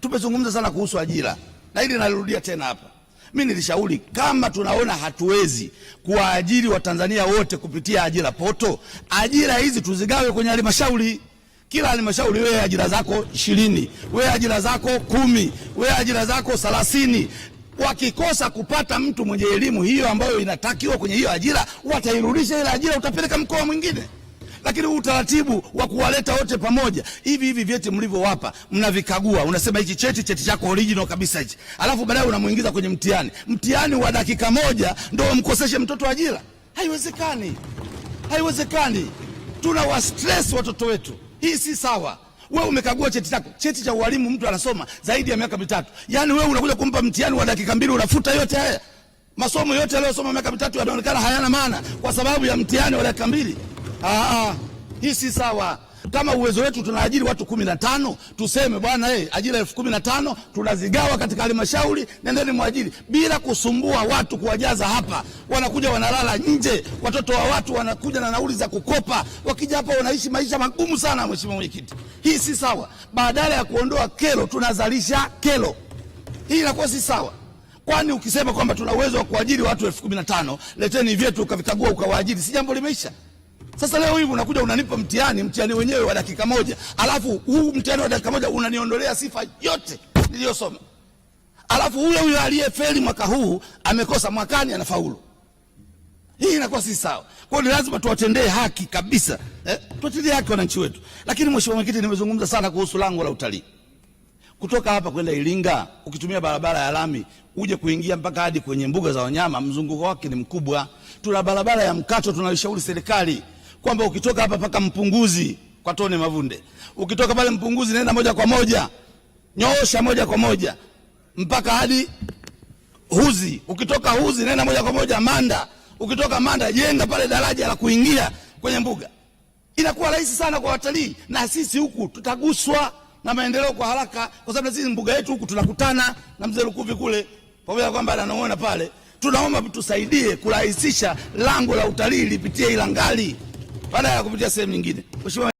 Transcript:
Tumezungumza sana kuhusu ajira na hili nalirudia tena hapa. Mimi nilishauri kama tunaona hatuwezi kuwaajiri Watanzania wote kupitia ajira poto, ajira hizi tuzigawe kwenye halmashauri. Kila halmashauri wewe ajira zako ishirini, wewe ajira zako kumi, wewe ajira zako thelathini. Wakikosa kupata mtu mwenye elimu hiyo ambayo inatakiwa kwenye hiyo ajira, watairudisha ile ajira, utapeleka mkoa mwingine lakini huu utaratibu wa kuwaleta wote pamoja hivi hivi, vyeti mlivyowapa mnavikagua, unasema hichi cheti cheti chako original kabisa hichi, alafu baadaye unamuingiza kwenye mtihani, mtihani wa dakika moja ndio umkoseshe mtoto ajira? Haiwezekani, haiwezekani. Tuna wa stress watoto wetu, hii si sawa. We umekagua cheti chako, cheti cha ualimu, mtu anasoma zaidi ya miaka mitatu, yaani wewe unakuja kumpa mtihani wa dakika mbili, unafuta yote haya masomo yote aliyosoma miaka mitatu yanaonekana hayana maana kwa sababu ya mtihani wa dakika mbili. Ah, ah, hii si sawa. Kama uwezo wetu tunaajiri watu kumi na tano, tuseme bwana hey, eh, ajira elfu kumi na tano tunazigawa katika halmashauri, nendeni mwajiri bila kusumbua watu kuwajaza hapa. Wanakuja wanalala nje, watoto wa watu wanakuja na nauli za kukopa, wakija hapa wanaishi maisha magumu sana. Mheshimiwa Mwenyekiti, hii si sawa. Badala ya kuondoa kero tunazalisha kero. Hii inakuwa si sawa Kwani ukisema kwamba tuna uwezo wa kuajiri watu elfu kumi na tano leteni vyetu ukavikagua ukawaajiri, si jambo limeisha? Sasa leo hivi unakuja unanipa mtihani, mtihani wenyewe wa dakika moja, alafu huu mtihani wa dakika moja unaniondolea sifa yote niliyosoma, alafu huyo huyo aliyefeli mwaka huu amekosa mwakani anafaulu. Hii inakuwa si sawa. Kwa hiyo ni lazima tuwatendee haki kabisa, eh, tuwatendee haki wananchi wetu. Lakini mheshimiwa mwenyekiti, nimezungumza sana kuhusu lango la utalii kutoka hapa kwenda Iringa ukitumia barabara ya lami uje kuingia mpaka hadi kwenye mbuga za wanyama, mzunguko wake ni mkubwa. Tuna barabara ya mkato, tunaishauri serikali kwamba ukitoka hapa paka Mpunguzi kwa tone Mavunde, ukitoka pale Mpunguzi naenda moja kwa moja, nyoosha moja kwa moja mpaka hadi Huzi, ukitoka Huzi naenda moja kwa moja Manda, ukitoka Manda jenga pale daraja la kuingia kwenye mbuga. Inakuwa rahisi sana kwa watalii, na sisi huku tutaguswa na maendeleo kwa haraka, kwa sababu sisi mbuga yetu huku tunakutana na mzee Lukuvi kule, pamoja na kwamba anaona pale tunaomba tusaidie kurahisisha lango la utalii lipitie Ilangali badala ya kupitia sehemu nyingine. Mheshimiwa